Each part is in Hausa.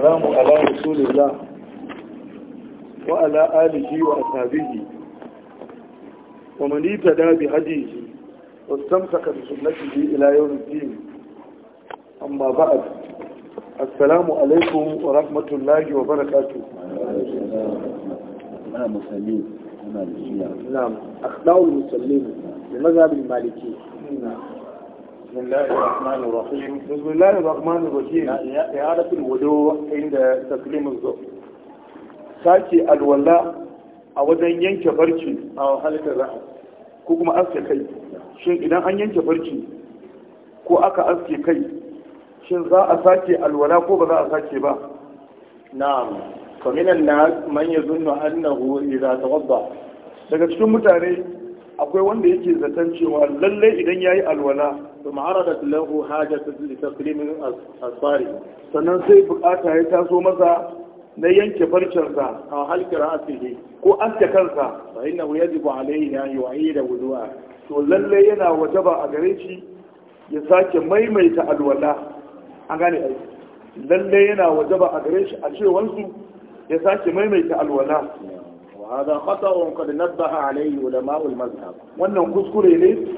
السلام على رسول الله وعلى آله وأصحابه ومن اهتدى بهديه واستمسك بسنته إلى يوم الدين أما بعد السلام عليكم ورحمة الله وبركاته نعم مسلمين نعم أخلاق المسلمين لمذهب المالكي نعم بسم الله الرحمن الرحيم بسم الله الرحمن الرحيم إعادة الوضوء عند تسليم الظهر ساكي alwala a wajen yanke barci a halittar ra'a ko kuma aske kai shin idan an yanke barci ko aka aske kai shin za a sake alwala ko ba za a sake ba na'am kaminan na man ya zunnu daga cikin mutane akwai wanda yake zaton cewa lalle idan yayi alwala ثم عرضت له ta لتسليم أصباري sannan sai bukata ya taso masa na yanke farcensa a halkar asiri ko aske kansa fa inna yajibu alayhi an yu'ida wudu'a to lalle yana wajaba a gare shi ya sake maimaita alwala an gane ai lalle yana wajaba a gare shi a ce wansu ya sake maimaita alwala wa hada قد نبه عليه علماء المذهب mazhab wannan kuskure ne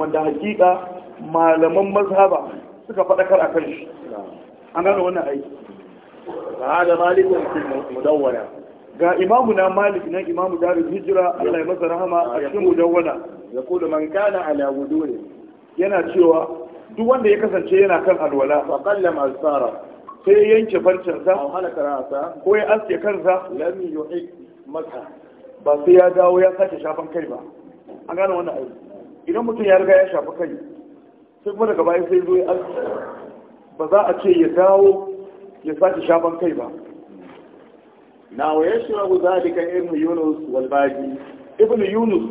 wanda hakika malaman mazhaba suka faɗakar a kan shi an gano wannan aiki ba da malikun mudawwana ga imamu na malik nan imamu darul hijira Allah ya masa rahama a cikin mudawwana ya kudu man kana ala wuduri yana cewa duk wanda ya kasance yana kan alwala fa qallam alsara sai yanke farcinsa ko ya aske kansa lam yuhik masa ba sai ya dawo ya sake shafan kai ba an gano wannan aiki idan mutum ya riga ya shafa kai sai kuma daga bayan sai zo ya ba za a ce ya dawo ya sake shafan kai ba na wa ya shira ku zalika ibn yunus wal baji ibn yunus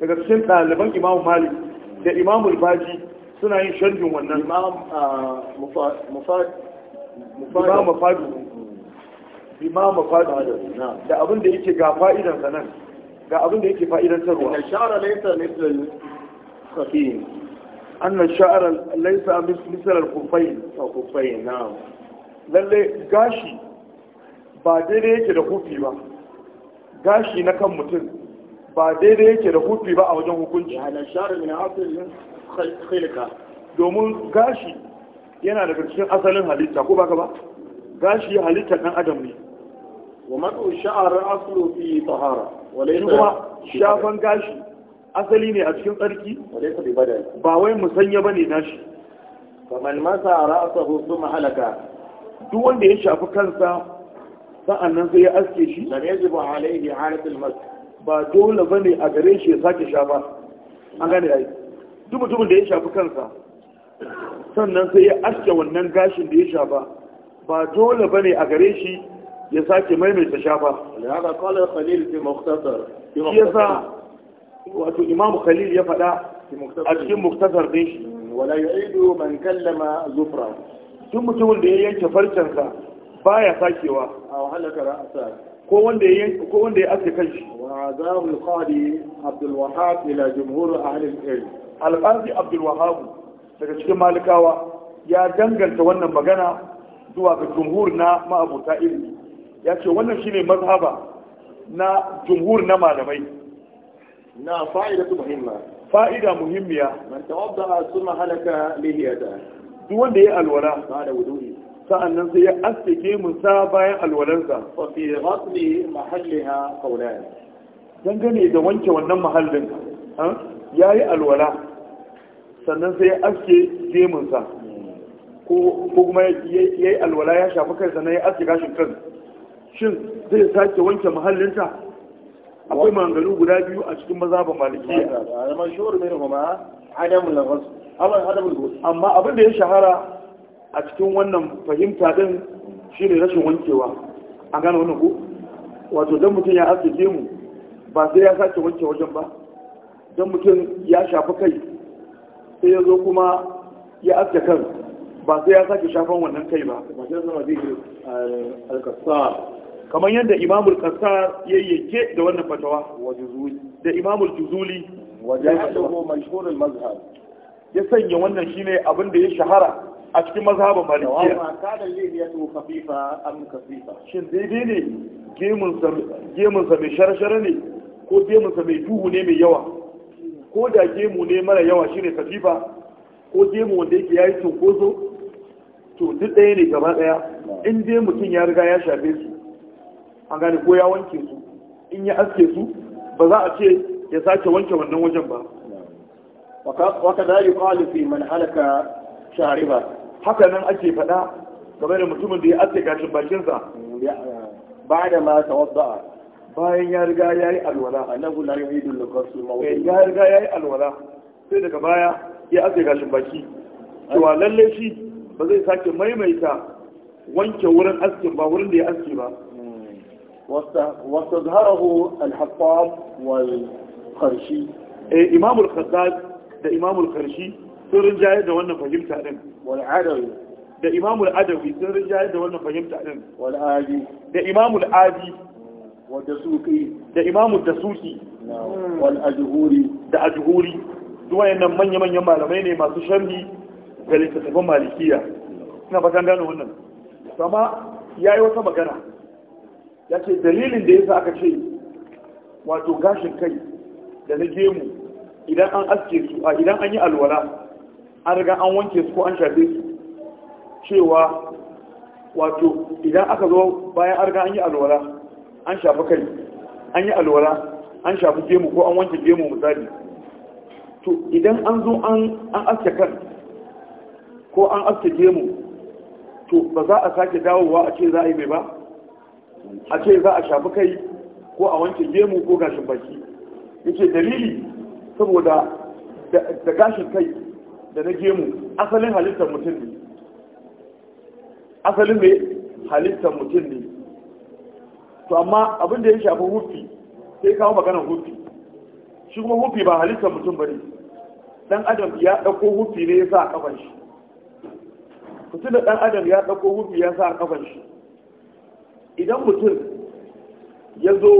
daga cikin ɗaliban imam malik da imam al baji suna yin sharhin wannan imam mufad uh, mufad imam mufad da abin da yake ga fa'idan sanan ga abin da yake fa'idantarwa shara laysa mithl An أن الشعر ليس مثل الخفين الخفين نعم lalle gashi ba daidai yake da hufi ba gashi na kan mutum ba daidai yake da hufi ba a wajen hukunci domin gashi yana daga cikin asalin halitta ko baka ba gashi halitta ɗan adam ne wa matsu sha'ar asulu fi tahara Wa kuma shafan gashi asali ne a cikin tsarki ba wai musanya ne nashi faman masa ra'asa thumma mahalaka duk wanda ya shafi kansa nan sai ya aske shi lam yajibu alayhi harafin masu ba dole ne a gare shi ya sake ba an gane ai duk mutumin da ya shafi kansa sannan sai ya aske wannan gashin da ya sha ba Ba dole ba ne a gare shi ya sake maimaita shafa. Lihada kwalar Khalil fi Mukhtasar. Shi yasa wato imam khalil ya faɗa a cikin muktasar din shi wala yu'idu man kallama zufra duk mutumin da ya yanke farcensa baya sakewa aw halaka ra'sa ko wanda ya ko wanda ya aske kanshi wa zahu qadi abdul wahhab ila jumhur ahli al-ilm al-qadi abdul wahhab daga cikin malikawa ya danganta wannan magana zuwa ga jumhur na ma'abuta ilmi ya ce wannan shine mazhaba na jumhur na malamai na fa'idatu muhimma fa'ida muhimmiya man tawadda suma halaka lihiyata duk wanda ya alwala ba da wudu'i sa'annan sai ya aske mun sa bayan alwalansa fa fi ghasli mahalliha qawlan dangane da wanke wannan mahallin yayi alwala sannan sai ya aske gemun sa ko kuma yayi alwala ya shafi kai sannan ya aske gashin kan shin zai sake wanke mahallinta akwai mangaru guda biyu a cikin maza malikiya mashhur amma abin da ya shahara a cikin wannan fahimta din shine rashin wankewa a gane wannan ko wato dan mutum ya aske mu ba sai ya sace wanke wajen ba dan mutum ya shafi kai sai ya zo kuma ya aske kan ba sai ya sake shafan wannan kai ba kamar yadda imamul kasar ya yanke da wannan fatawa da imamul juzuli ya sanya wannan shine abin da ya shahara a cikin mazhaban malikiya shin daidai ne gemunsa mai sharshara ne ko gemunsa mai duhu ne mai yawa ko da gemu ne mara yawa shine khafifa ko gemu wanda yake yayi cunkoso to duk ɗaya ne gaba ɗaya in dai mutum ya riga ya shafe su an gane ko ya wanke su in ya aske su ba za a ce ya sake wanke wannan wajen ba waka da yi kwali fi man halaka ba haka nan ake faɗa game da mutumin da ya aske gashin bakinsa ba da ma tawadda bayan ya riga ya yi alwala gudanar yi yuhidu lokacin mawuyi eh, ya riga ya yi alwala sai daga baya ya aske gashin baki cewa lalle shi ba zai sake maimaita wanke wurin askin ba wurin da ya aske ba واستظهره الحفاظ والخرشي إمام الخزاز ده إمام الخرشي sun rinjaye da wannan fahimta din da imam al sun rinjaye da wannan fahimta din da imam adi da imam al da ajhuri duk wayannan manya manyan malamai ne masu sharhi ga littattafan malikiya ina fatan gano wannan wata magana ya ce dalilin da yasa aka ce wato gashin kai da na gemu idan an aske su a idan an yi alwala an riga an wanke su ko an shafe su cewa wato idan aka zo bayan an riga an yi alwala an shafi kai an yi alwala an shafi gemu ko an wanke gemu misali to idan an zo an aske kan ko an aske gemu to ba za a sake dawowa a ce za a yi mai ba a ce za a shafi kai ko a wanke gemu ko gashin baki yace dalili saboda da gashin kai da na gemu asalin halittar mutum ne asalin mai halittar mutum ne to amma abin da ya shafi hufi sai kawo maganar hufi shi kuma hufi ba halittar mutum ba ne dan adam ya ɗauko hufi ne ya sa a kafan shi mutum da dan adam ya ɗauko hufi ya sa a kafan shi idan mutum ya zo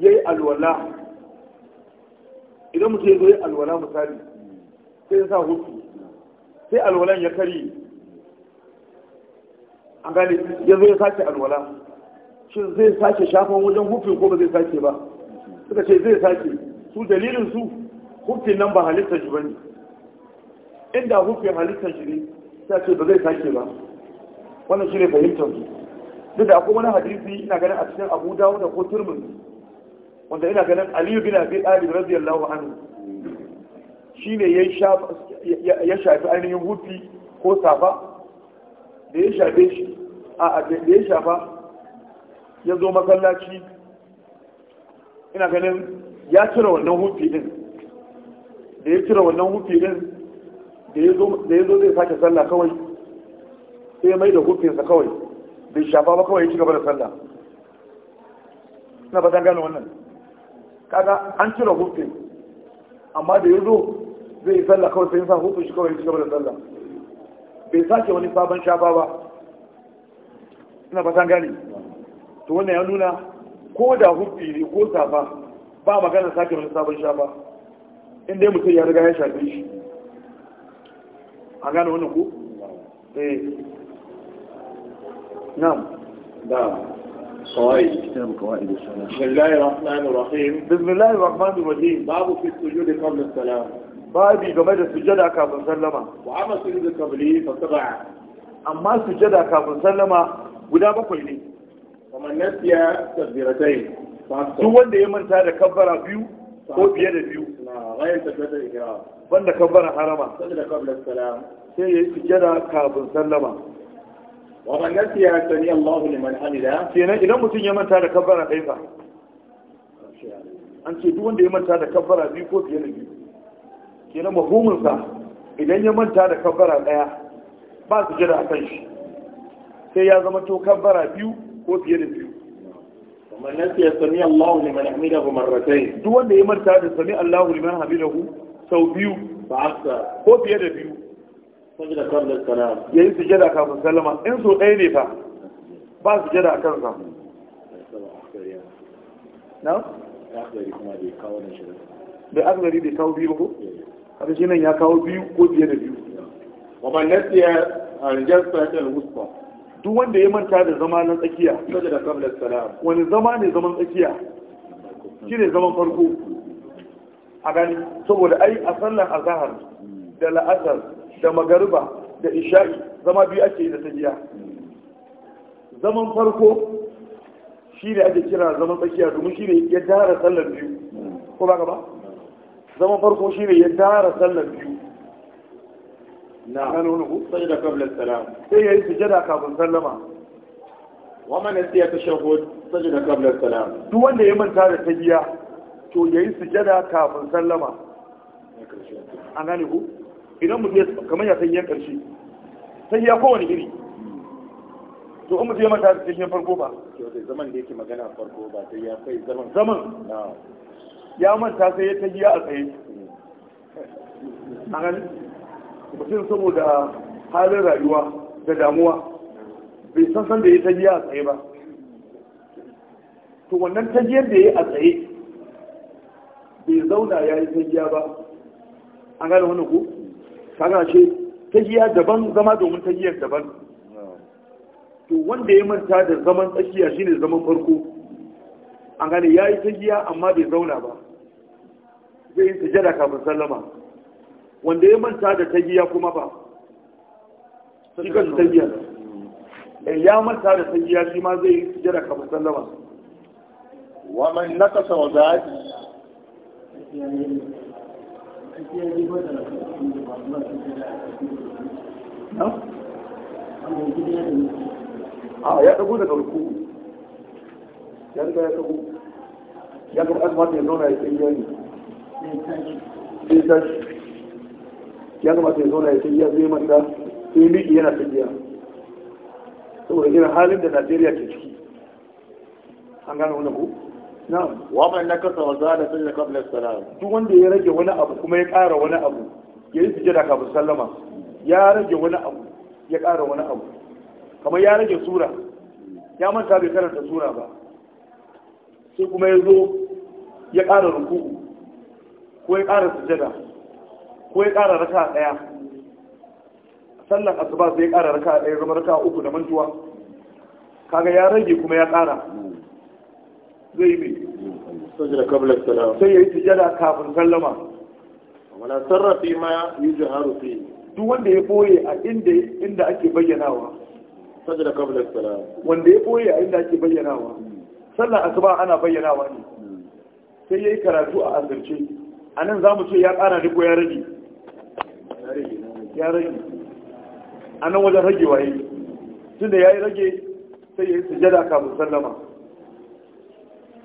ya yi alwala idan mutum ya zo ya alwala misali sai ya sa hutu sai alwalan ya kari an gane ya zo ya sake alwala shin zai sake shafan wajen hufin ko ba zai sake ba suka ce zai sake su dalilin su hufin nan ba halittar shi bane inda hufin halittar shi ne sai ce ba zai sake ba wannan shi ne fahimtar su duk da akwai wani hadisi ina ganin a cikin abu dawo da ko turmin wanda ina ganin aliyu bin abi talib radiyallahu anhu shine ya shafi ainihin hufi ko safa da ya shafe shi a da ya shafa ya zo masallaci ina ganin ya cire wannan hufi din da ya cire wannan hufi din da ya zo zai sake sallah kawai sai mai da hufinsa kawai bai shafa ba kawai ya ci gaba da sallah na ba gane wannan kaga an cire hufin amma da ya zo zai yi sallah kawai sai sa hufin shi kawai ya ci gaba da sallah bai sake wani sabon shafa ba na ba gane to wannan ya nuna ko da hufi ne ko safa ba magana sake wani sabon shafa in dai mutum ya riga ya shafe shi a gane wannan ko eh نعم نعم صوائد السلام بسم الله الرحمن الرحيم بسم الله الرحمن الرحيم باب في السجود قبل السلام باب في جمال السجود قبل السلام وعما سجود قبله فتبع أما السجود قبل السلام وده بقول لي ومن نسيا تكبيرتين Duk wanda ya manta da kabbara biyu ko biye da biyu. Bayan tafiyar da ikirar. Banda kabbara harama. Sani da kabbalar wa man nasiya sami Allahu liman hamida kenan idan mutum ya manta da kabbara ɗaya fa an ce duk wanda ya manta da kabbara biyu ko fiye da biyu kenan mahumin sa idan ya manta da kabbara ɗaya ba su jira akan shi sai ya zama to kabbara biyu ko fiye da biyu wa man nasiya sami Allahu liman hamidahu marratayn duk wanda ya manta da sami Allahu liman hamidahu sau biyu ba ko fiye da biyu ya yi sujada kafin sallama in so ɗaya ne fa ba su sujada a kansa na? da azgari bai kawo biyu ko? haka eh. shi nan ya kawo biyu ko biye da biyu waban nasiya a rijar sanatar wuspa duk wanda ya manta da zama na tsakiya wani zama ne zaman tsakiya shi ne zaman farko a gani saboda ai a sallar azahar da la'asar da magariba da isha'i zama biyu ake yi da tahiya zaman farko shi ne ake kira zaman tsakiya domin shi ne ya dara sallar biyu ko ba gaba ba zaman farko shi ne ya dara sallar biyu na wani ku sai da kabla tsara sai ya yi sujada kafin sallama wa man yasiya sai da qabla tsara duk wanda ya manta da tahiya to ya yi sujada kafin sallama an gane ku idan mutum ya kamar ya sayyan karshe sai ya kowane iri to in mutum ya manta cikin sayyan farko ba zaman da yake magana farko ba sai ya kai zaman zaman ya manta sai ya tahiya a tsaye a gani mutum saboda halin rayuwa da damuwa bai san san da ya tahiya a tsaye ba to wannan tahiyar da ya a tsaye bai zauna ya yi tahiya ba an gane wani ku kaga ce tahiya daban zama domin ta tahiyar daban to wanda ya manta da zaman tsakiya shine zaman farko an gane ta tahiya amma bai zauna ba zai yi tajada kafin sallama wanda ya manta da ta tahiya kuma ba shi kan ta tahiya eh, ya manta da ta tahiya shi ma zai yi tajada kafin sallama wa man nakasa wa zaati Ah, ya dago daga ruku ya riga ya dago ya ya zauna ya sai tashi ya ya zauna ya manta miki yana tsayiya saboda irin halin da najeriya ke ciki an gane wani ku wa man nakasa wa zada sajda qabla salam duk wanda ya rage wani abu kuma ya ƙara wani abu ya yi sujada kafin sallama ya rage wani abu ya ƙara wani abu kamar ya rage sura ya manta bai karanta sura ba sai kuma ya zo ya ƙara ruku'u ko ya ƙara sujada ko ya ƙara raka ɗaya sallan asuba sai ya ƙara raka ɗaya zama raka uku da mantuwa kaga ya rage kuma ya ƙara zai yi mai sajada kabla salama sai ya yi sujada kafin sallama wala sarrafi ma yi jiharu fi duk wanda ya boye a inda inda ake bayyanawa sajada kabla salama wanda ya boye a inda ake bayyanawa sallar asuba ana bayyanawa ne sai ya yi karatu a azirce a nan za mu ce ya ƙara duk ya rage ya rage a nan wajen rage waye Tunda ya yi rage sai ya yi sujada kafin sallama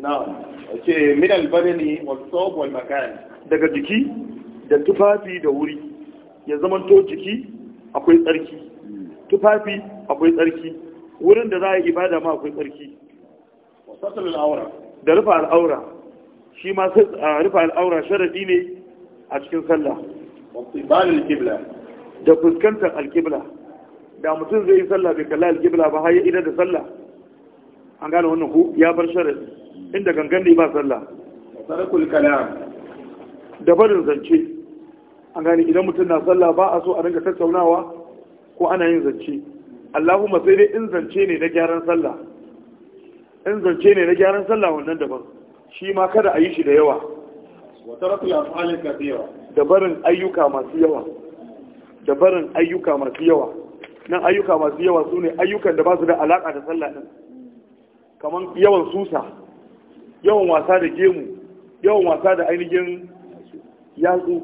na'am min albarni ne thawb wal daga jiki da tufafi da wuri ya to jiki akwai tsarki tufafi akwai tsarki wurin da za a yi ibada ma akwai tsarki da rufa al'aura shi ma rufa al'aura sharadi ne a cikin sallah da fuskantar alkibla da mutum zai yi sallah bai kalla alkibla ba har ya idan da sallah an gane wannan ku ya bar sharadi inda gangan ne ba sallah sarakul kalam da barin zance an gani idan mutum na sallah ba a so a ringa tattaunawa ko ana yin zance Allahumma sai dai in zance ne na gyaran sallah in zance ne na gyaran sallah wannan daban shi ma kada a yi shi da yawa wa da barin ayyuka masu yawa da barin ayyuka masu yawa nan ayyuka masu yawa su ne ayyukan da ba su da alaƙa da sallah ɗin kamar yawan susa yawan wasa da gemu yawan wasa da ainihin yatsu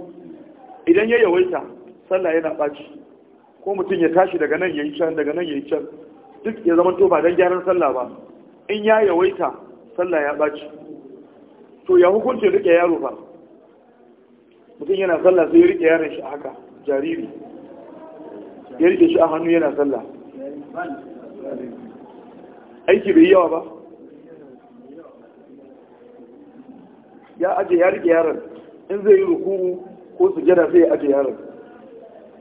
idan ya yawaita sallah yana ɓaci ko mutum ya tashi daga nan ya yi can daga nan ya yi can duk ya zama to ba don gyaran sallah ba in ya yawaita sallah ya ɓaci to ya hukunce rike yaro ba mutum yana sallah sai ya rike yaron shi a haka jariri ya rike shi a hannu yana sallah aiki bai yawa ba ya aje ya rike yaron in zai yi rukuru ko sujada sai ya aje yaron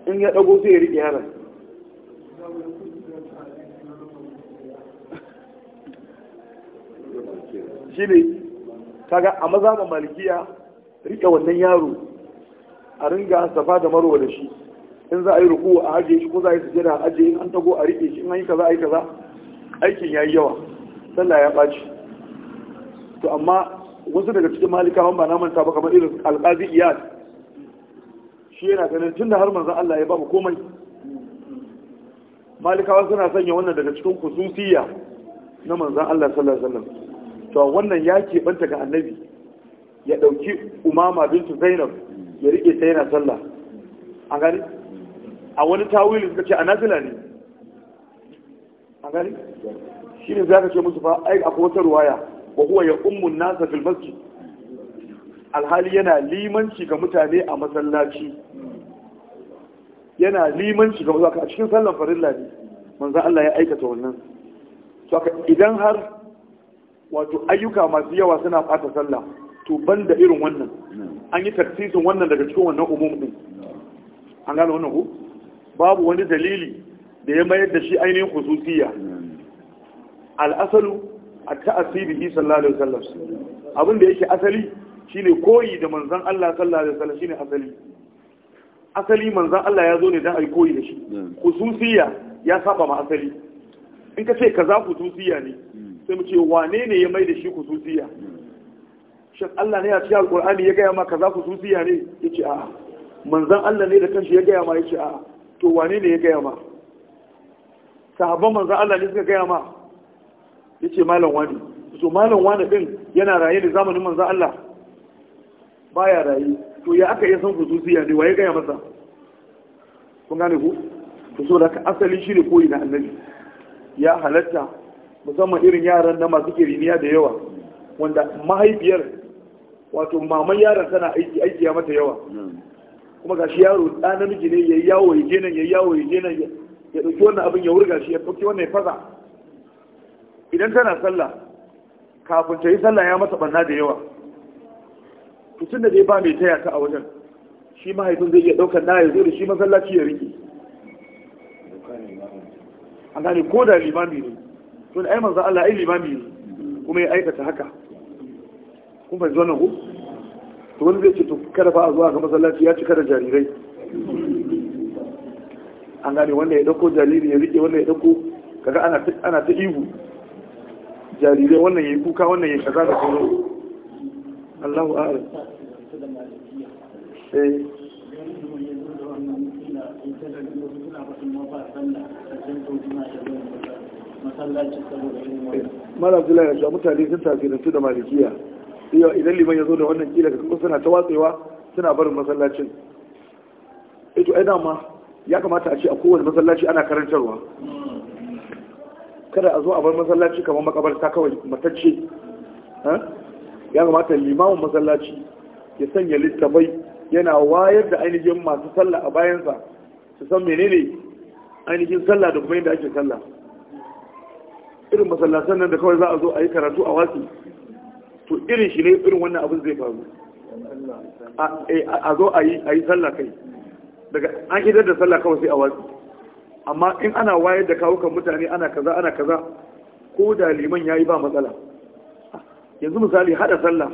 in ya dago sai ya rike yaron ne kaga a mazhabin malikiya rike wannan yaro a ringa safa da marwa da shi in za a yi rukuru a ajiye shi ko za a yi sujada a ajiye in an tago a rike shi in an yi kaza a yi kaza aikin ya yi yawa sallah ya ɓaci to amma wasu daga cikin malikawan ba na manta ba kamar irin alƙazi iyad shi yana ganin tun da har manzan Allah ya ba mu komai malikawa suna sanya wannan daga cikin kususiya na manzan Allah sallallahu alaihi wasallam to wannan ya banta ga annabi ya ɗauki umama bintu zainab ya riƙe ta yana sallah a gani a wani tawilin suka ce a nazila ne an gani shi ne za ka ce musu fa ai akwai wata ruwaya wa huwa ya ummun nasa fil masjid alhali yana limanci ga mutane a masallaci yana limanci ga mutane a cikin sallan farilla ne manzo Allah ya aikata wannan to idan har wato ayyuka masu yawa suna fata sallah to ban da irin wannan an yi tafsirin wannan daga cikin wannan umumin an gano wannan ku babu wani dalili da ya mayar da shi ainihin khususiyya al'asalu a ta'asibi sallallahu alaihi wasallam abin da yake asali shine koyi da manzon Allah sallallahu alaihi wasallam shine asali asali manzon Allah ya zo ne dan ai koyi da shi khususiya ya saba ma asali in ka ce kaza khususiya ne sai mu ce wane ne ya mai da shi khususiya shin Allah ne ya ci alqur'ani ya gaya ma kaza khususiya ne yace a'a manzon Allah ne da kanshi ya gaya ma yace a'a to wane ne ya gaya ma sahabban manzon Allah ne suka gaya ma ya ce malam wani so malam wani ɗin yana raye da zamanin manzan Allah baya raye to ya aka yi san hususiya ne waye gaya masa kun gane ku to so da asali shi ne koyi na annabi ya halatta musamman irin yaran na masu kiriniya da yawa wanda mahaifiyar wato maman yaran tana aiki aiki ya mata yawa kuma ga shi yaro ɗa namiji ne ya yawo ya je nan ya yawo ya je nan ya ɗauki wannan abin ya wurga shi ya ɗauki wannan ya faza idan tana sallah kafin ta yi sallah ya masa banna da yawa tun da zai ba mai taya ta a wajen shi mahaifin zai iya daukar na ya zo da shi masallaci ya rike an gane ko da limami ne to da ai manzo Allah ai limami ne kuma ya aikata haka kun fahimci wannan ku to wani zai ce to kada fa a zuwa ga masallaci ya cika da jarirai an gane wanda ya dauko jariri ya rike wanda ya dauko kaga ana ta ihu jarirai wannan ya yi kuka wannan ya yi kaza da sauran Allahu a'ala eh mala abdullahi ya sha mutane sun tasirantu da malikiya idan liman ya zo da wannan kila ka kuma suna ta watsewa suna barin masallacin ito eh ai dama ya kamata a ce a kowane masallaci ana karantarwa kada a zo a bar masallaci kamar makabarta kawai matacce ya kamata limamin masallaci ya sanya littafai yana wayar da ainihin masu sallah a bayansa su san menene ainihin sallah da kuma yadda ake sallah irin masallacin nan da kawai za a zo a yi karatu a wasi to irin shi ne irin wannan abin zai faru a eh, zo a yi sallah kai daga an idar da sallah kawai sai a wasi amma in ana wayar da kawukan mutane ana kaza ana kaza ko da liman yayi ba matsala yanzu misali hada sallah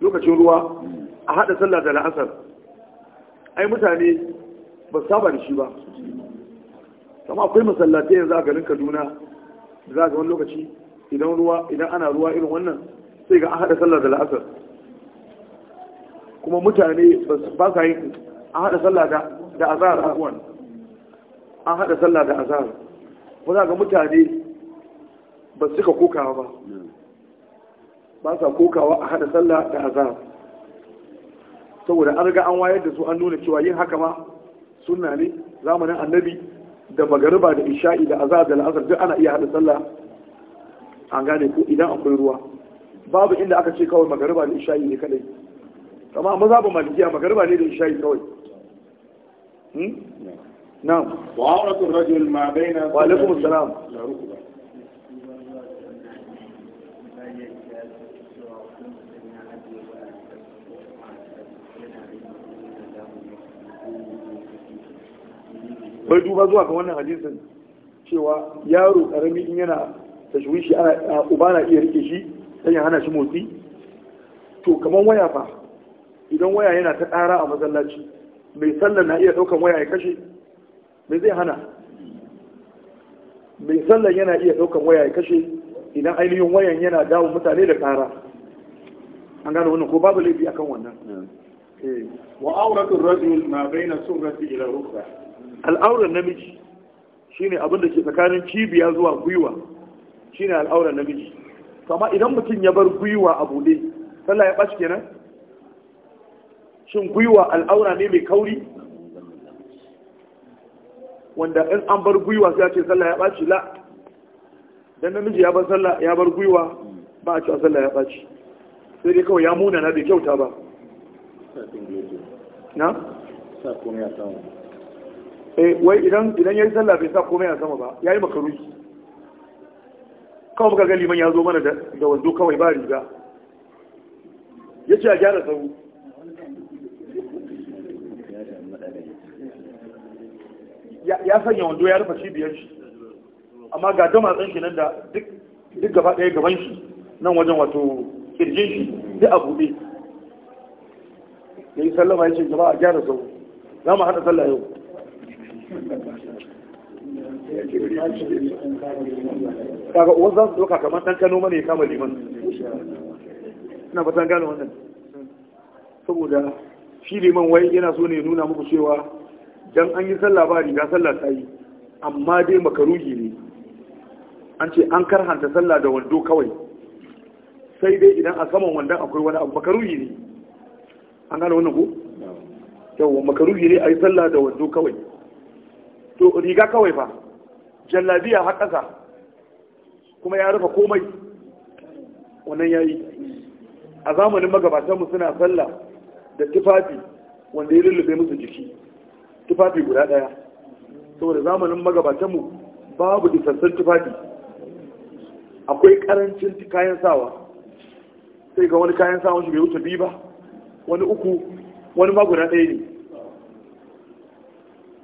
lokacin ruwa a hada sallah da la'asar ai mutane ba saba da shi ba kama akwai masallatai yanzu a garin kaduna da za ga wani lokaci idan ruwa idan ana ruwa irin wannan sai ga an hada sallah da la'asar kuma mutane ba sa yin a hada sallah da azahar abuwan an haɗa sallah da azhar ba za ga mutane ba suka kokawa ba ba sa kokawa a haɗa sallah da azhar saboda an riga an wayar da su an nuna cewa yin haka ma sunna ne zamanin annabi da magariba da isha'i da azhar da al'azhar duk ana iya haɗa sallah an gane ko idan akwai ruwa babu inda aka ce kawai magariba da isha'i ne kadai amma mazhabin malikiya magariba ne da isha'i kawai hmm? نعم وعورة الرجل ما بين وعليكم السلام لا ركبة bai duba zuwa ga wannan hadisin cewa yaro karami in yana tashwishi a uba na iya rike shi sai hana shi motsi to kamar waya fa idan waya yana ta ƙara a masallaci mai sallar na iya ɗaukan waya ya kashe me zai hana mai sallan yana iya daukan waya ya kashe idan ainihin wayan yana dawo mutane da kara an gano wannan ko babu laifi akan wannan eh. wa auratul rajul ma baina surrati ila rukba al'auran namiji shine abin da ke tsakanin cibiya zuwa gwiwa shine al'auran namiji amma idan mutum ya bar gwiwa a bude sallah ya bashi kenan shin gwiwa al'aura ne mai kauri wanda in an bar gwiwa sai a ce sallah ya ɓaci la dan namiji ya bar sallah ya bar gwiwa ba a cewa sallah ya ɓaci sai dai kawai ya muna na bai kyauta ba na? sa komai a sama eh wai idan idan yayi sallah bai sa komai a sama ba yayi makaruri kawai muka ga liman ya zo mana da wando kawai ba riga ya ce a gyara sauri ya sanya wando ya rufe cibiyar shi amma ga damatsan shi nan da duk gaba ɗaya gaban shi nan wajen wato kirjin shi duk a buɗe ya yi sallama ya ce gaba a gyara sau za mu haɗa sallah yau kaga uwar za su doka kamar ɗan kano mana ya kama liman ina fatan gane wannan saboda shi liman wai yana so ne nuna muku cewa dan an yi sallah ba riga sallah ta yi amma dai makaruhi ne an ce an karhanta sallah da wando kawai sai dai idan a saman wandon akwai wani abu makaruhi ne an gane wannan ko yawa makaruhi ne a yi sallah da wando kawai to riga kawai fa jallabiya har ƙasa kuma ya rufe komai wannan ya yi a zamanin magabatanmu suna sallah da tufafi wanda ya lullube musu jiki tufafi guda ɗaya saboda zamanin magabatanmu babu isassun tufafi akwai ƙarancin kayan sawa sai ga wani kayan sawa shi bai wuce biyu ba wani uku wani ma guda ɗaya ne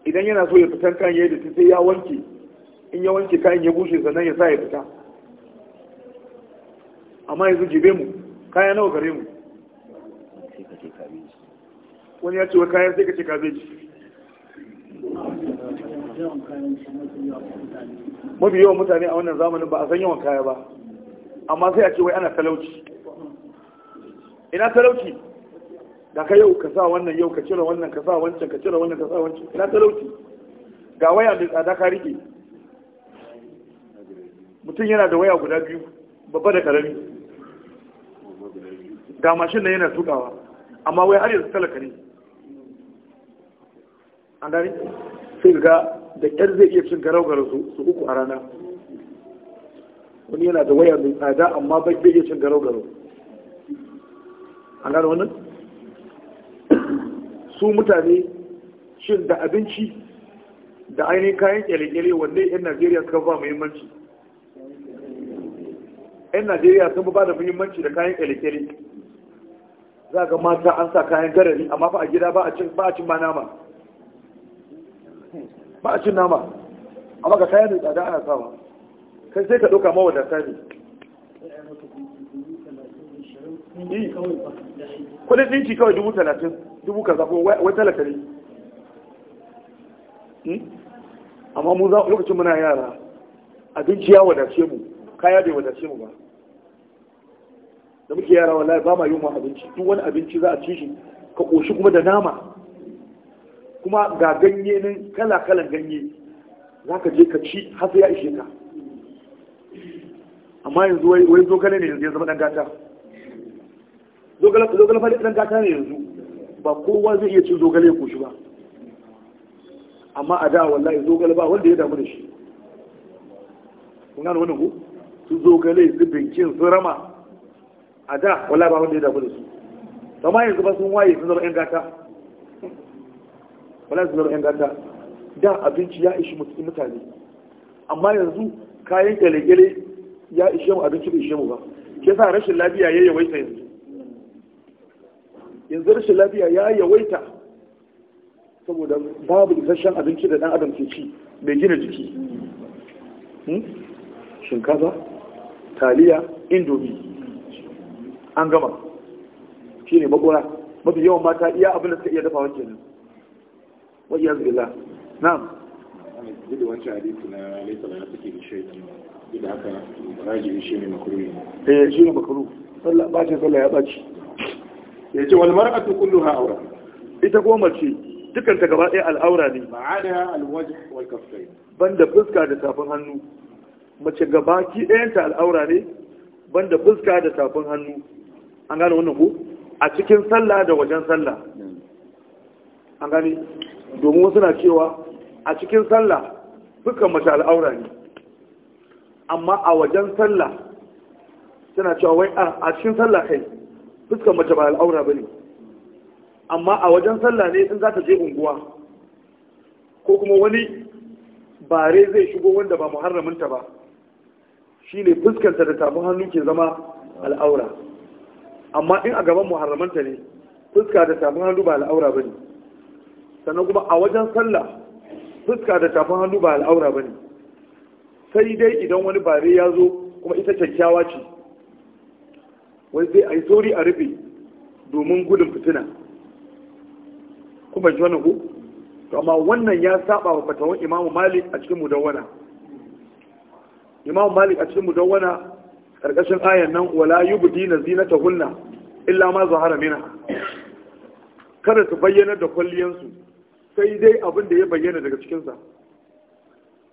idan yana so ya fitan kayan ya yi sai ya wanke in ya wanke kayan ya bushe sannan ya sa ya fita amma yanzu jibe mu kaya nawa gare mu wani ya ce wa kayan sai ka ce ka zai ji. mafi yawan mutane a wannan zamanin ba a san yawan kaya ba amma sai a ce wai ana talauci ina talauci da ka yau ka sa wannan yau ka cire wannan ka sa wancan ka cire wannan ka sa wancan ina talauci ga waya mai tsada ka rike mutum yana da waya guda biyu babba da karami ga mashin na yana tukawa amma wai har yanzu talaka ne an dare sai ga da ƙyar zai iya cin garau garau su uku a rana wani yana da waya mai tsada amma bai iya cin garau garau an gano wannan su mutane shi da abinci da ainihin kayan ƙyale-ƙyale wanda 'yan najeriya suka ba muhimmanci 'yan najeriya sun ba da muhimmanci da kayan ƙyale-ƙyale. za ga mata an sa kayan garari amma fa a gida ba a cin ba a cin ma nama ba a cin nama amma ga kaya mai tsada ana sawa kai sai ka ɗauka mawadata ne eh, kudin ɗinki kawai dubu talatin dubu kaza ko wai talaka ne hmm? amma mu lokacin muna yara abinci ya wadace mu kaya bai wadace mu ba da muke yara wallahi ba ma yi mu abinci duk wani abinci za a ci shi ka ƙoshi kuma da nama kuma ga ganye nan kala-kalan ganye za ka je ka ci har ya ishe ka amma yanzu wai zogale ne yanzu ya zama ɗan gata zogale fadi ɗan gata ne yanzu ba kowa zai iya cin zogale ya koshi ba amma a da wallahi zogale ba wanda ya damu da shi kun gano wani ku su zogale su binkin su rama a da wallahi ba wanda ya damu da su amma yanzu ba sun waye sun zama 'yan gata wala su yan gata da abinci ya ishi mutane amma yanzu kayan kyale-kyale ya ishe mu abinci bai ishe mu ba ke sa rashin lafiya ya yawaita yanzu yanzu rashin lafiya ya yawaita saboda babu isasshen abinci da dan adam ke ci mai gina jiki hmm? shinkafa taliya indomi an gama shi ne mafi yawan mata iya abin da suka iya dafa kenan wa wancan na eh, shi ne eh sallah ba sallah ya ita mace dukan ta gaba ɗaya al'aura ne ma'ana alwajh wal Ban da fuska da tafin hannu mace gaba ki ɗayanta al'aura ne da fuska da tafin hannu an gane wannan ko a cikin sallah da wajen sallah hmm. an gani domin wasu na cewa a cikin sallah dukkan mace al'aura ne amma a wajen sallah suna cewa wai a cikin sallah kai fuskan mace ba al'aura ba ne amma a wajen sallah ne sun za ta je unguwa ko kuma wani bare zai shigo wanda ba muharraminta ba shi ne fuskanta da tafi hannu ke zama al'aura amma in a gaban muharraminta ne fuska da tafi hannu ba al'aura ba ne sannan kuma a wajen sallah fuska da tafin hannu ba al'aura ba ne sai dai idan wani bare ya zo kuma ita kyakkyawa ce wai sai a yi sauri a rufe domin gudun fitina kuma ji wani ku amma wannan ya saba wa fatawan imamu malik a cikin mudawwana imamu malik a cikin mudawwana karkashin ayan nan wala ta hunna illa ma zahara minha kada su bayyana da kwalliyansu sai dai abin da ya bayyana daga cikinsa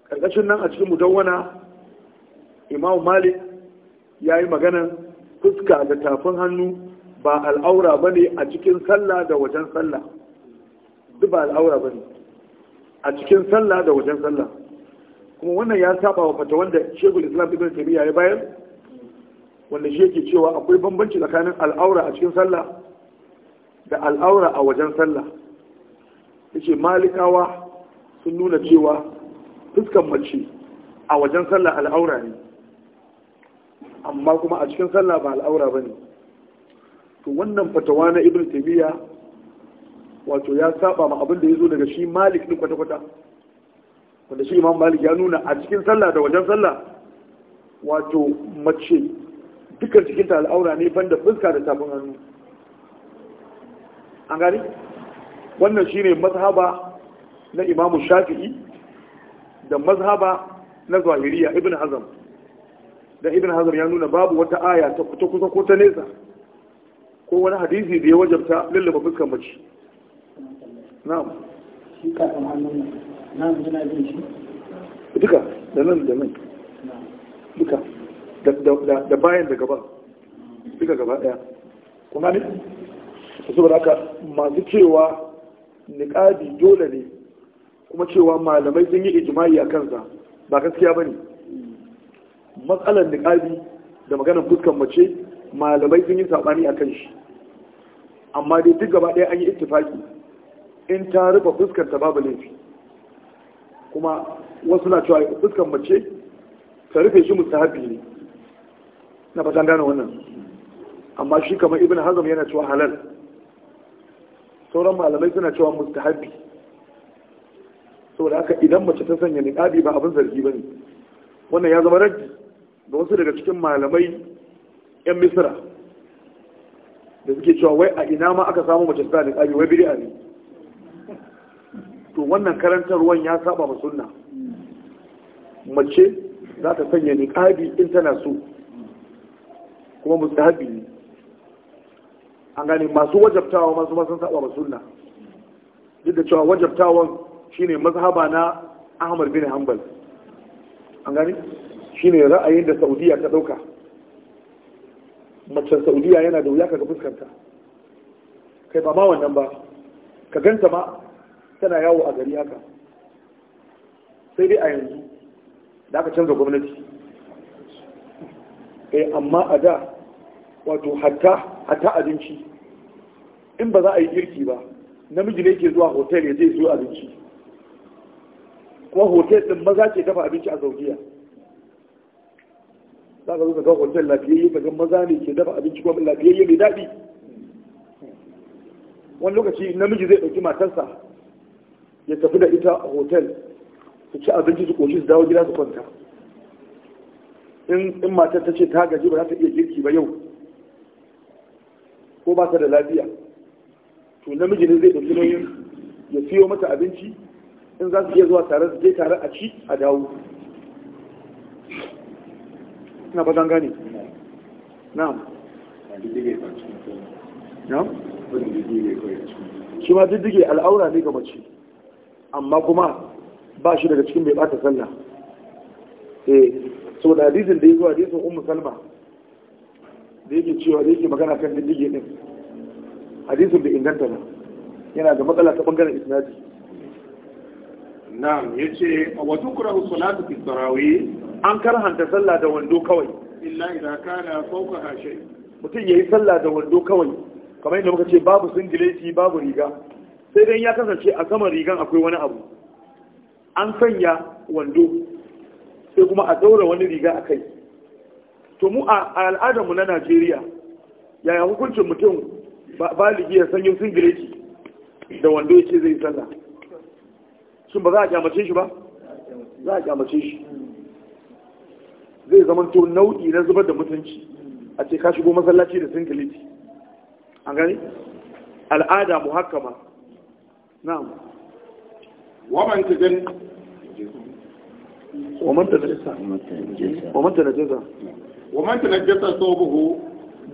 ƙarƙashin nan a cikin mudawwana imam malik ya yi maganan fuska da tafin hannu ba al'aura ba ne a cikin sallah da wajen sallah duk ba al'aura ba ne a cikin sallah da wajen sallah kuma wannan ya saba wa fata wanda shegul islam ibn taimiyya ya bayar wanda shi yake cewa akwai bambanci tsakanin al'aura a cikin sallah da al'aura a wajen sallah yace malikawa sun nuna cewa fuskan mace a wajen sallah al'aura ne amma kuma a cikin sallah ba al'aura bane to wannan fatawa na ibn taymiya wato ya saba ma abin da ya zo daga shi malik din kwata kwata wanda shi imam malik ya nuna a cikin sallah da wajen sallah wato mace dukkan cikinta al'aura ne banda fuska da tafin hannu an gani wannan shi ne mazhaba na imamu shafi'i da mazhaba na zahiriya ibn hazam da ibn hazam ya nuna babu wata aya ta kusa ko ta nesa ko wani hadisi da ya wajabta lallaba fuskar mace na'am shi ka duka da nan da nan duka da bayan da gaba duka gaba daya kuma ne saboda aka masu cewa Niƙadi dole ne kuma cewa malamai sun yi ijimai a kansa ba gaskiya ba ne matsalar niƙadi da maganar fuskan mace malamai sun yi saɓani a kan shi amma dai duk gaba ɗaya an yi ittifaki in ta rufe fuskanta babu laifi kuma wasu na cewa fuskan mace ta rufe shi mustahabi ne na fatan gane wannan amma shi kamar ibn hazam yana cewa halal sauran malamai suna cewa mustahabi saboda haka idan mace ta sanya niqabi ba abin zargi bane wannan ya zama raddi ga wasu daga cikin malamai yan misra da suke cewa wai a ina ma aka samu mace ta niqabi wai bid'a ne to wannan karantarwan ya saba ma sunna mace za ta sanya niqabi in tana so kuma mustahabi ne an gane masu wajabtawa masu masun saba ba sunna duk da cewa wajabtawan shine mazhaba na Ahmad bin Hanbal an gane shine ra'ayin da Saudiya ta dauka macen Saudiya yana da wuya kaga fuskanta kai ba ma wannan ba ka ganta ma tana yawo a gari haka sai dai a yanzu da aka canza gwamnati eh amma a da wato hatta hatta abinci in ba za a yi girki ba namiji ne ke zuwa hotel ya zai siyo abinci kuma hotel din maza ke dafa abinci a saudiya za ka zo ka ga hotel lafiyayye ka ga maza ne ke dafa abinci kuma lafiyayye mai daɗi wani lokaci namiji zai ɗauki matarsa ya tafi da ita a hotel su ci abinci su koshi su dawo gida su kwanta in matar ta ce ta gaji ba za ta iya girki ba yau ko ba ta da lafiya to namiji ne zai dauki nauyin ya siyo mata abinci in za su iya zuwa tare su je tare a ci a dawo na ba zan gane na'am na'am shi ma diddige al'aura ne ga mace amma kuma ba shi daga cikin bai bata sallah eh so da hadisin da ya zuwa hadisin ummu salma da yake cewa da yake magana kan diddige din hadisin bai inganta ba yana da matsala ta bangaren isnadi na'am yace wa tukrahu salatu fi tarawih an karhanta sallah da wando kawai illa idza kana fawqa shay mutum yayi sallah da wando kawai kamar yadda muka ce babu singileti babu riga sai dai ya kasance a saman rigan akwai wani abu an sanya wando sai kuma a daura wani riga a kai to mu a al'adarmu na najeriya yaya hukuncin mutum baligi ya sanyin singileti da wanda ya ce zai sallah shin ba za a kyamace shi ba za a kyamace shi zai zamanto nau'i na zubar da mutunci a ce ka shigo masallaci da singileti an gani al'ada mu haka ma na'am waman ta gani waman ta waman wa man tanajjasa thawbuhu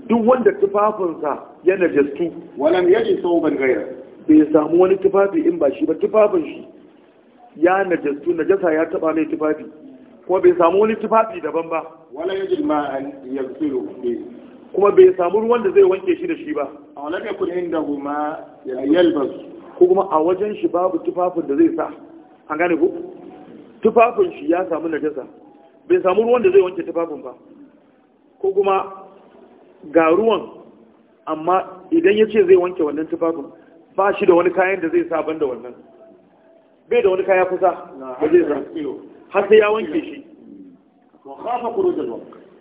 duk wanda tufafinsa ya najastu walam yaji thawban ghayra bai samu wani tufafi in ba shi ba tufafin shi ya najastu najasa ya taba mai tufafi kuma bai samu wani tufafi daban ba wala yaji ma yaksiru kuma bai samu ruwan da zai wanke shi da shi ba a wala ka kun inda huma yalbas ko kuma a wajen shi babu tufafin da zai sa an gane ko tufafin shi ya samu najasa bai samu ruwan da zai wanke tufafin ba ko kuma ga ruwan amma idan ya ce zai wanke wannan tufafin ba shi da wani kayan da zai sa da wannan bai da wani kaya kusa ba zai sa har sai ya wanke shi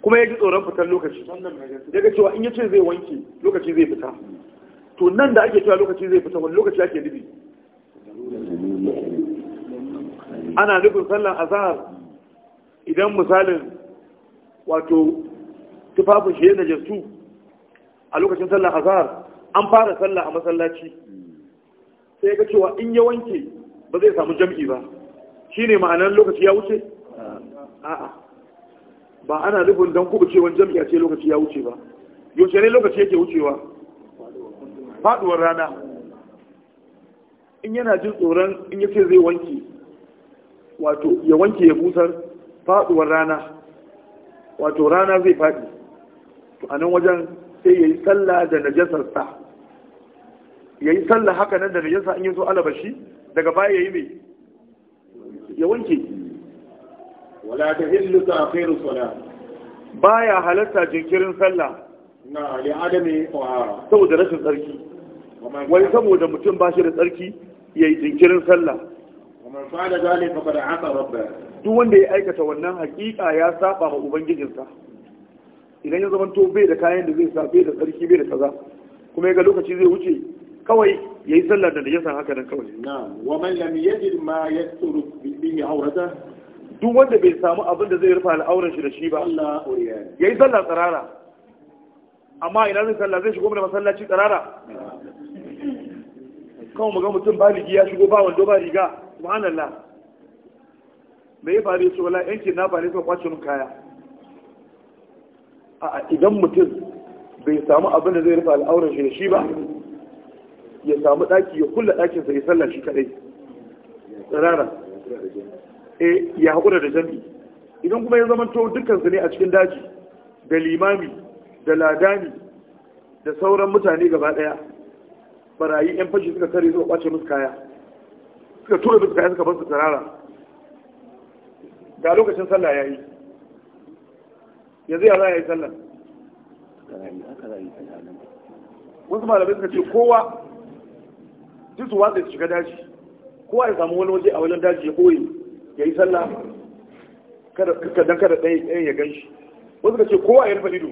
kuma ya ji tsoron fitar lokaci daga cewa in ya ce zai wanke lokaci zai fita to nan da ake cewa lokaci zai fita wani lokaci ake dubi ana nufin sallan azahar idan misalin wato tufafin shi da jesu a lokacin a azhar an fara sallah a masallaci sai ga cewa in ya wanke ba zai samu jam'i ba shine ma'anar lokaci ya wuce a'a ba ana nufin dan kubucewan jam'i a ce lokaci ya wuce ba yaushe ne lokaci yake wucewa faduwar rana in yana jin tsoron in yace zai wanke wato ya wanke ya busar faduwar rana wato rana zai fadi to a nan wajen sai ya yi sallah da najasarsa ya yi sallah haka nan da najasa in yi so alabashi daga baya ya yi mai ya wanke wala ta hillu ta akhiru sala baya halatta jinkirin sallah na li adami saboda rashin tsarki wai saboda mutum ba shi da tsarki ya yi jinkirin sallah duk wanda ya aikata wannan hakika ya saba ma ubangijinsa idan ya zama to bai da kayan da zai sa bai da tsarki bai da kaza kuma ya ga lokaci zai wuce kawai ya yi sallar da da ya san haka nan kawai na wa man lam yajid ma yasturu bihi awrata duk wanda bai samu abin da zai rufe al'auran shi da shi ba ya yi sallar tsarara amma ina zai sallar zai shigo mana masallaci tsarara kawai muga mutum baligi ya shigo ba wando ba riga subhanallah me ya faru su wala Yankin na ba ne suka kwace min kaya a idan mutum bai samu abin da zai rufe al'auran shi da shi ba ya samu ɗaki ya kulla ɗakinsa ya sallah shi kadai, tsirara eh ya haƙura da jami idan kuma ya zama to dukkansu ne a cikin daji da limami da ladani da sauran mutane gaba ɗaya barayi 'yan fashi suka kare suka kwace musu kaya suka tura musu kaya suka bar su tsirara ga lokacin sallah ya yi yanzu ya za ya yi sallah wasu malamai suka ce kowa duk su watsa shiga daji kowa ya samu wani waje a wajen daji ya koyi ya yi sallah kada kada ɗaya ya ganshi, wasu ka ce kowa ya rufe ido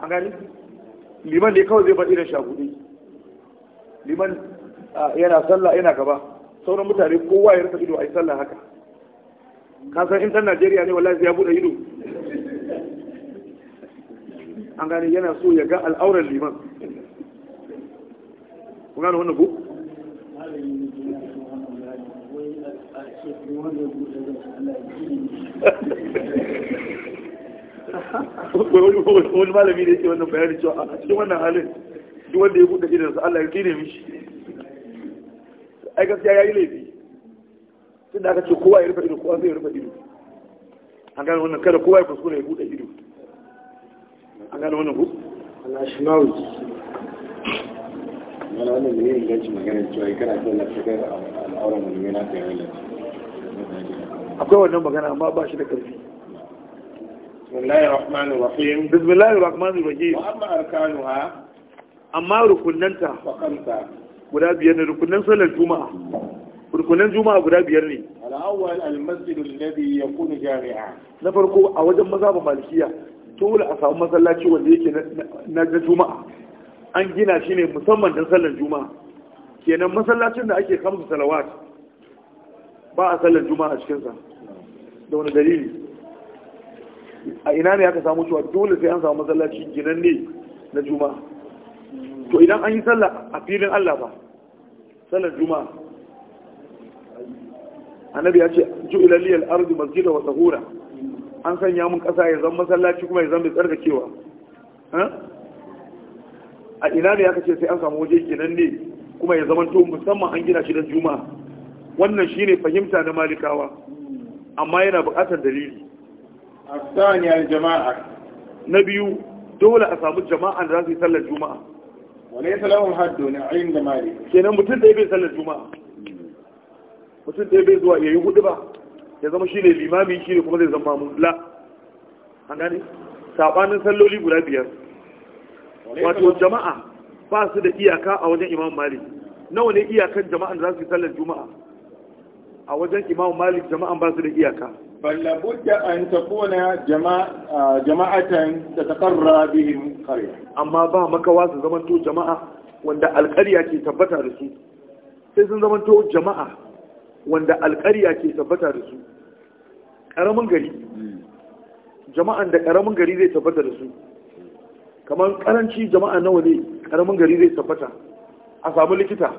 a gani liman ne kawai zai faɗi da shagudi liman yana sallah yana gaba sauran mutane kowa ya rufe ido a yi sallah haka ka san in ɗan najeriya ne wallahi ya bude ido an gani yana so ya ga al'auran liman ku gano wannan ku wani malami da yake wannan bayani cewa a cikin wannan halin duk wanda ya buɗe su Allah ya kire mishi ai ya yi laifi tun da aka ce kowa ya rufe ido kowa zai rufe ido an gane wannan kada kowa ya kuskure ya bude ido an gane wannan alashinawu mana wannan da yin ganci magana cewa na amma ba shi da karfi بسم الله الرحمن الرحيم بسم الله guda biyar juma'a rukunan juma'a guda biyar ne al-awwal al-masjid alladhi jami'a na farko a wajen mazhabin malikiya dole a samu masallaci wanda yake na juma'a an gina shi ne musamman don sallar juma'a kenan masallacin da ake kamsu salawat ba a sallar juma'a a cikinsa da wani dalili a ina ne aka samu cewa dole sai an samu masallaci ginan ne na juma'a to idan an yi sallah a filin allah ba sallar juma'a annabi ya ce ju'ila liyal ardu masjida wa tahura an sanya mun kasa ya zama masallaci kuma ya zama tsarkakewa a ina ne aka ce sai an samu waje kenan ne kuma ya zama to musamman an gina shi don juma'a wannan shine fahimta na malikawa amma yana buƙatar dalili asani al jama'a na biyu dole a samu jama'a da za su yi sallar juma'a wala yasa lahum haddun inda malik kenan mutum da bai sallar juma'a mutum ɗaya bai zuwa yayi hudu ba ya zama shi ne limami shi ne kuma zai zama mun la an gane saɓanin salloli guda biyar wato jama'a ba su da iyaka a wajen imam malik nawa ne iyakan jama'an da za su yi sallar juma'a a wajen imam malik jama'an ba su da iyaka ballabudda an takuna jama'atan da taqarra bihim qarya amma ba makawa su to jama'a wanda alƙarya ke tabbata da su sai sun to jama'a wanda alƙarya ke tabbata da su ƙaramin gari jama'an da ƙaramin gari zai tabbata da su kamar ƙaranci jama'a nawa ne ƙaramin gari zai tabbata a samu likita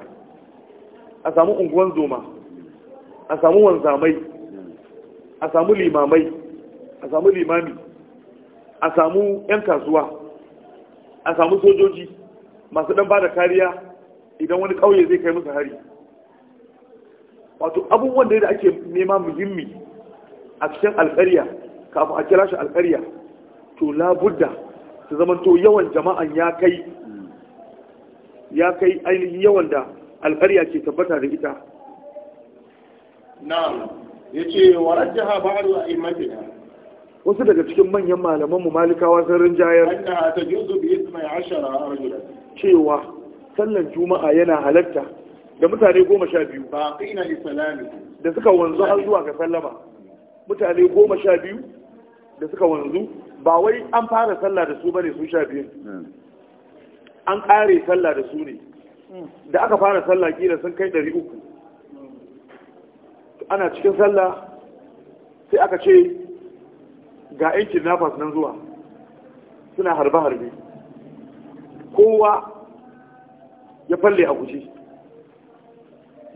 a samu unguwan zoma a samu wanzamai a samu limamai a samu limami a samu 'yan kasuwa a samu sojoji masu ɗan ba da kariya idan wani ƙauye zai kai musu hari wato abubuwan da ake nema muhimmi a cikin alkariya kafin a kira shi alkariya to labudda su zamanto yawan jama'an ya kai ya kai ainihin yawan da alkariya ke tabbata da ita na'am jiha ba a ruwa a wasu daga cikin manyan malaman mu malikawa sun rinjayar cewa sallan juma'a yana halatta da mutane goma sha biyu da suka wanzu har zuwa ga sallama mutane goma sha biyu da suka wanzu ba wai an fara sallah da su bane su sha biyu hmm. an kare sallah da su ne hmm. da aka fara sallah kila sun kai ɗari uku ana cikin sallah sai aka ce ga aikin nafas nan zuwa suna harbe-harbe kowa ya falle a guji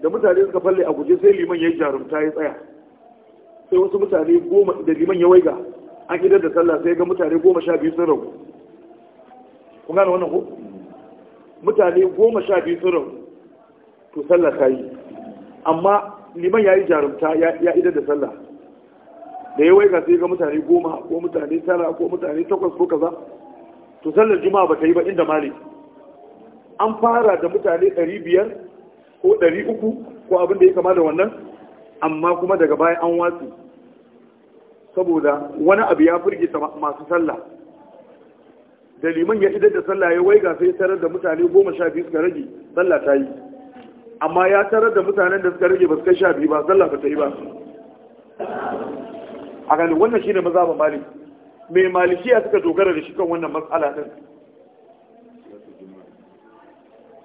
da mutane suka falle a guje sai liman ya yi jarumta ya tsaya sai wasu mutane goma da liman ya waiga an idar da sallah sai ga mutane goma sha biyu sun ragu kun gane wannan ko mutane goma sha biyu sun ragu to sallah ta yi amma liman ya yi jarumta ya idar da sallah da ya waiga sai ga mutane goma ko mutane tara ko mutane takwas ko kaza to sallar juma'a ba ta yi ba inda mali an fara da mutane ɗari biyar ko ɗari uku ko abin da ya kama da wannan amma kuma daga baya an watsi saboda wani abu ya firgita masu sallah da liman ya idar da sallah ya waiga sai tarar da mutane goma sha biyu suka rage sallah ta yi amma ya tarar da mutanen da suka rage ba su kai sha biyu ba sallah ba ta yi ba a ganin wannan shine maza ba mali mai malikiya suka dogara da shi kan wannan matsala ɗin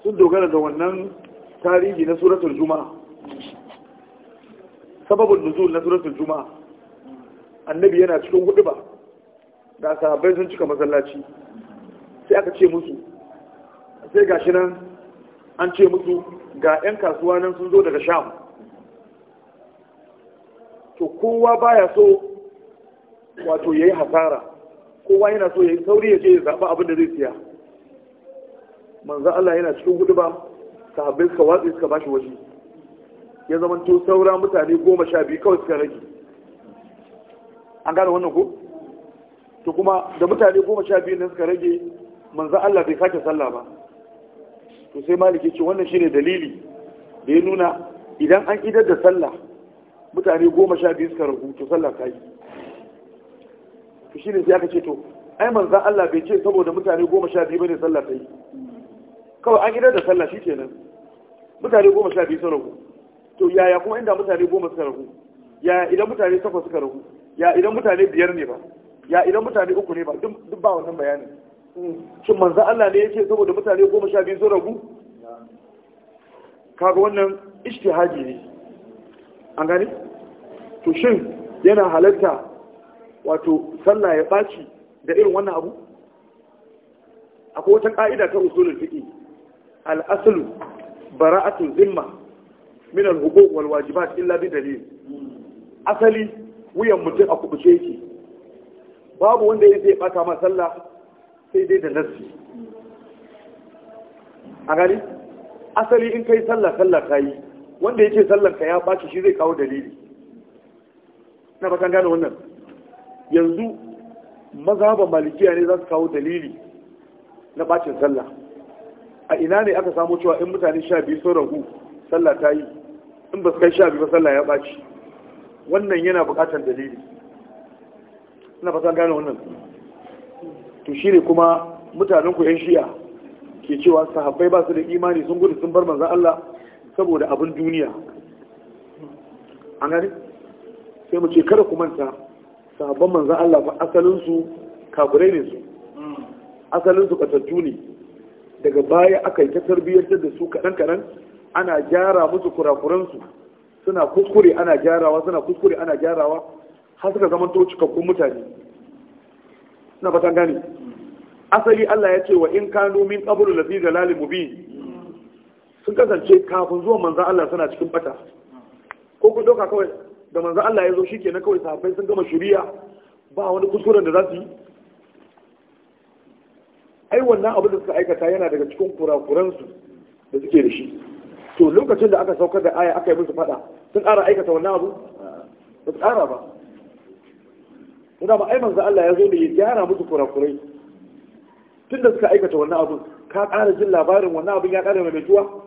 sun dogara da wannan tarihi na suratul juma'a sababin nuzul na suratul juma'a annabi yana cikin hudu ba da sahabbai sun cika masallaci sai aka ce musu sai shi nan an ce musu ga 'yan kasuwa nan sun zo daga sham to kowa baya so wato ya yi hasara kowa yana so ya yi sauri ya ce ya zaɓa abin da zai siya manzan Allah yana cikin hudu ba sahabbai suka watsi suka bashi waje ya zama to saura mutane goma sha biyu kawai suka rage an gane wannan ko to kuma da mutane goma sha biyu nan suka rage manzan Allah bai sake sallah ba to sai maliki ce wannan shine dalili da ya nuna idan an idar da sallah mutane goma sha biyu suka ragu to sallah ta yi to shine sai aka ce to ai manzan Allah bai ce saboda mutane goma sha biyu bane sallah ta yi kawai an idar da sallah shikenan mutane goma sha biyu sun ragu to yaya kuma inda mutane goma suka ragu ya idan mutane takwas suka ragu ya idan mutane biyar ne ba ya idan mutane uku ne ba duk ba wannan bayanin shin manzo Allah ne yake saboda mutane goma sha biyu sun ragu kaga wannan ijtihadi ne an gani? to shin yana halatta wato sallah ya baci da irin wannan abu akwai wata ka'ida ta usulul fiqh al-aslu bara'atul zimma min al-huquq wal wajibat illa bi dalil asali wuyan mutum a kubuce yake babu wanda ya zai bata ma sallah sai dai da nassi a gani asali in kai sallah sallah ka yi wanda ya ce sallah ka ya baci shi zai kawo dalili na bakan gane wannan yanzu mazhaban malikiya ne za su kawo dalili na bacin sallah a ina ne aka samu cewa in mutane sha biyu sun ragu sallah ta yi in ba su kai sha biyu ba sallah ya ɓaci wannan yana buƙatar dalili ina fasa gane wannan to shi ne kuma mutanen ku yan shiya ke cewa sahabbai ba su da imani sun gudu sun bar manzan Allah saboda abin duniya A gani sai mu ce kada ku manta sahabban manzan Allah ba asalinsu kakurai ne su mm. asalinsu katattu ne daga baya aka yi ta tarbiyyar da su kaɗan kaɗan ana gyara musu kurakuransu suna kuskure ana gyarawa suna kuskure ana gyarawa har suka zama to cikakkun mutane suna fatan gani asali Allah ya ce wa in ka min qablu lafi dalal mubin sun kasance kafin zuwa manza Allah suna cikin bata ko ku doka kawai da manza Allah ya zo na kawai sahabbai sun gama shiriya ba wani kuskuren da za su yi ai wannan abu da suka aikata yana daga cikin kurakuransu da suke da shi to lokacin da aka saukar da aya aka yi musu fada sun ƙara aikata wannan abu ba su ƙara ba suna ba ai manzo Allah ya zo da ya gyara musu kurakurai tun da suka aikata wannan abu ka ƙara jin labarin wannan abin ya ƙara maimaituwa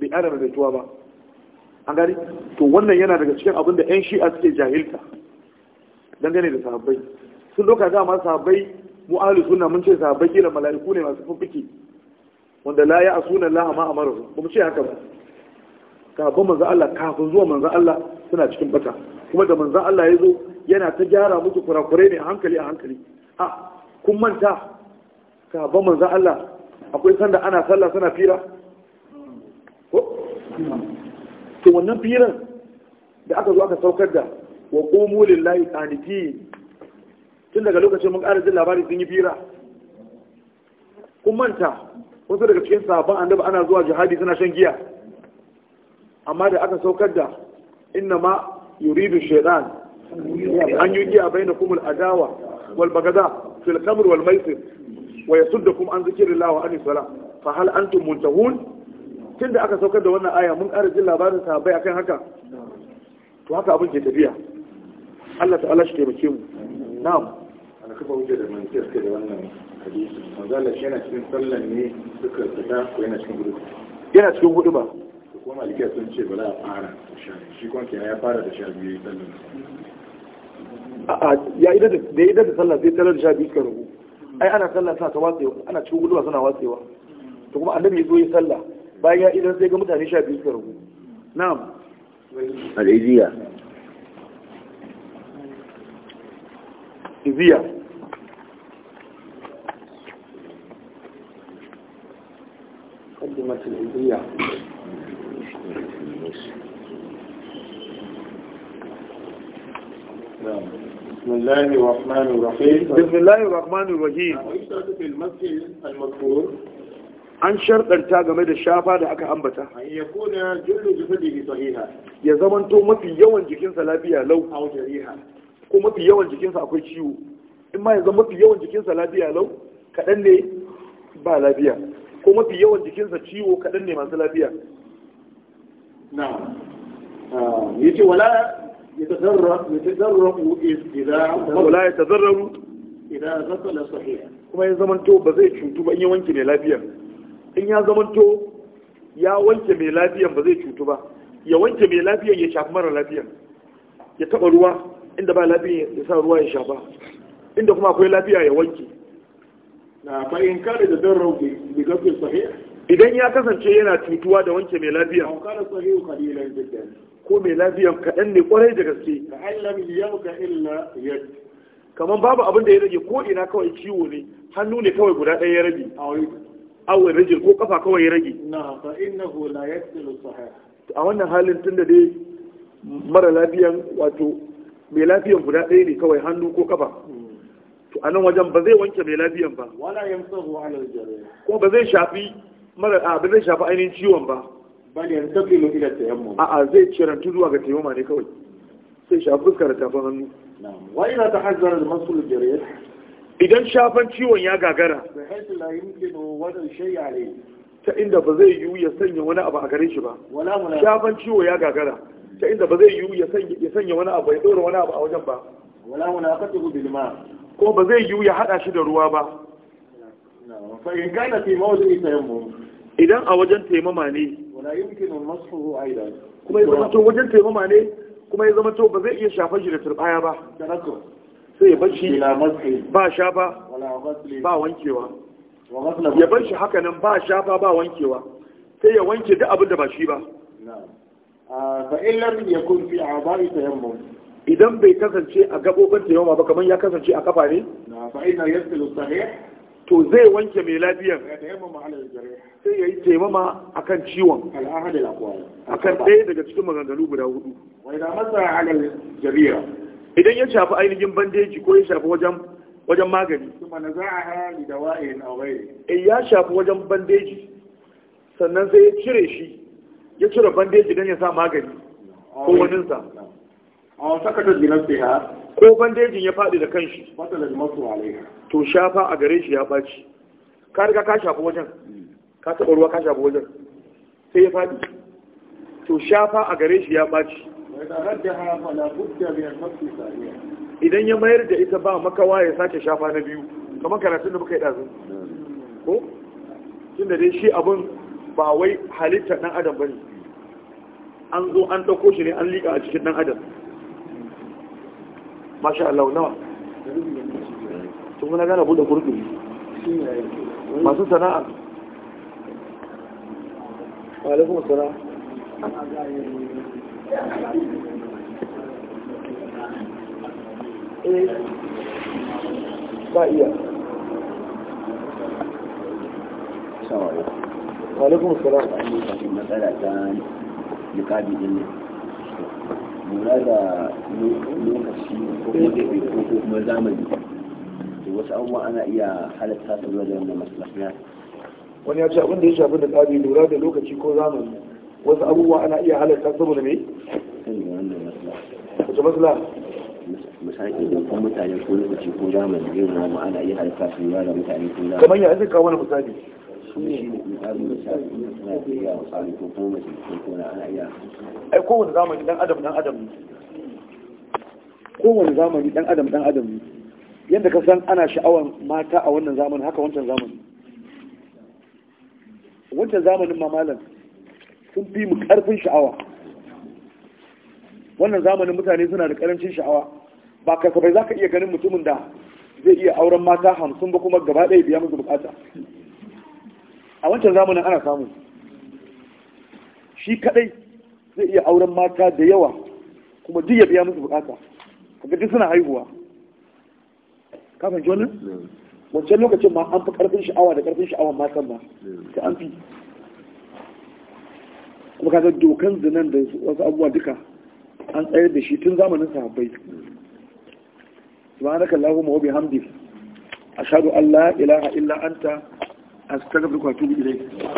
bai ƙara tuwa ba an gani to wannan yana daga cikin abin da 'yan shi'a suke jahilta dangane da sahabbai sun doka masu sahabbai mu ahli sunna mun ce sahabbai kila mala'iku ne masu fufuki wanda la ya asuna Allah ma amaru ba mu ce haka ba kafin manzo Allah kafin zuwa manzo Allah suna cikin bata kuma da manzo Allah ya zo yana ta gyara musu kurakure ne a hankali a hankali a kun manta kafin manzo Allah akwai sanda ana sallah suna fira ko to wannan firan da aka zo aka saukar da wa qumu lillahi qanitin tun daga lokacin mun ƙara jin labari sun yi fira kun manta wasu daga cikin sabon annabi ana zuwa jihadi suna shan giya amma da aka saukar da inna ma yuridu shaytan an yi giya bainakum al-adawa wal bagada fil khamr wal maisir wa kuma an zikrillah wa anis sala fa hal antum muntahun da aka saukar da wannan aya mun ƙara jin labarin sahabbai akan haka to haka abin ke tafiya Allah ta'ala shi taimake mu na'am ana da da wannan cikin sallan ne suka fita ko cikin yana cikin ba sun ce ba za a fara shi kuma ya fara da sha biyu yi ya idan da ya yi da sallah sai tarar da sha biyu ai ana sallah suna ta watsewa ana cikin suna watsewa to kuma annabi ya zo ya sallah bayan ya idan sai ga mutane sha biyu suka rubu na'am al iziya قدمت الهدية بسم الله الرحمن الرحيم بسم الله الرحمن الرحيم في المسجد المذكور an sharɗanta game da shafa da aka ambata ya zamanto mafi yawan jikinsa lafiya lau ko mafi yawan jikinsa akwai ciwo in ma yanzu mafi yawan jikinsa lafiya lau kaɗan ne ba lafiya ko mafi yawan jikinsa ciwo kaɗan ne masu lafiya na ya ce wala ya tazarrafu wala ya tazarrafu idan zazzala sahiha kuma ya zamanto ba zai cutu ba in ya wanke mai lafiya in ya zamanto ya wanke mai lafiyan ba zai cutu ba ya wanke mai lafiyan ya shafi mara lafiyan ya taɓa ruwa inda ba lafiya ya sa ruwa ya shafa inda kuma akwai lafiya ya wanke na fa'in kare da dan rauke da gafin sahih idan ya kasance yana cutuwa da wanke mai lafiya ko mai lafiya kaɗan ne kwarai da gaske kamar babu abin da ya rage ko ina kawai ciwo ne hannu ne kawai guda ɗaya ya rage awon rage ko kafa kawai ya rage a wannan halin tun da dai mara lafiyan wato mai lafiyan guda ɗaya ne kawai hannu ko kafa to a nan wajen ba zai wanke mai lafiyan ba wala yamsahu ala al ko ba zai shafi mara a ba zai shafi ainihin ciwon ba bal yantaqilu ila a a zai cirantu zuwa ga taimama ne kawai sai shafi fuska da tafin hannu na'am wa idza tahazzara al-masul al idan shafan ciwon ya gagara ta inda ba zai yiwu ya sanya wani abu a gare shi ba shafan ciwo ya gagara ta inda ba zai yiwu ya sanya wani abu ya ɗora wani abu a wajen ba wala wala fatihu bil ma ko ba zai yiwu ya hada shi da ruwa ba fa in kana fi mawdu'i tayammum idan a wajen taimama ne wala yumkinu masfuhu aidan kuma ya zama to wajen taimama ne kuma ya zama to ba zai iya shafar shi da turbaya ba sai ya bar shi ba shafa ba wankewa ya bar shi haka nan ba shafa ba wankewa sai ya wanke duk abin da ba shi ba fa illam yakun fi a'dha'i tayammum idan bai kasance a gabobin tayammum ba kamar ya kasance a kafa ne fa inna to zai wanke mai lafiya. sai ya yi taimama a kan ciwon a kan ɗaya daga cikin maganganu guda hudu idan ya shafi ainihin bandeji ko ya shafi wajen magani eh, ya shafi wajen bandeji sannan sai ya cire shi ya cire bandeji don ya sa magani ko oh. waninsa a oh, sakatar ya? ko bandejin ya faɗi da kanshi to shafa a gare shi ya faci ka riga ka shafa wajen ka taɓa ruwa ka shafa wajen sai ya faɗi to shafa a gare shi ya faci idan ya mayar da ita ba makawa ya sake shafa na biyu kamar karatun da muka yi ɗazu hmm. ko tun da dai shi abin ba wai halittar ɗan adam ba ne an zo an ɗauko shi ne an liƙa a cikin ɗan adam masha Allah nawa tun kuna gana buɗe kurkuri masu sana'a alaikun sana'a eh, ba iya Assalamu alaikum. وعليكم السلام مسألة كان لقابي جنة lura da lokaci ko kuma zamani da wasu abubuwa ana iya halatta su zuwa da wannan maslahiya wani ya ce abin da ya shafi da tsari lura da lokaci ko zamani wasu abubuwa ana iya halatta saboda me wace masla misali da kuma mutane ko lokaci ko zamani zai zama ana iya halatta su lura da mutane ko zamani kamar ya zai kawo wani misali kowane zamani dan adam dan adam zamani dan adam dan adam yadda ka san ana sha'awar mata a wannan zamani haka wancan zamani wancan zamanin mamalan sun fi mu karfin sha'awa wannan zamanin mutane suna da karancin sha'awa ba kasafai za ka iya ganin mutumin da zai iya auren mata hamsin ba kuma gaba ɗaya biya musu bukata a wancan zamanin ana samu shi kadai zai iya auren mata da yawa kuma duk ya biya musu bukata kaga duk suna haihuwa kafin jona wancan lokacin ma an fi karfin sha'awa da karfin sha'awan matan ma ta an fi kuma kaga dokan zinan da wasu abubuwa duka an tsayar da shi tun zamanin sahabbai subhanaka allahumma wa bihamdika ashhadu an la ilaha illa anta أستغفرك وأتوب إليك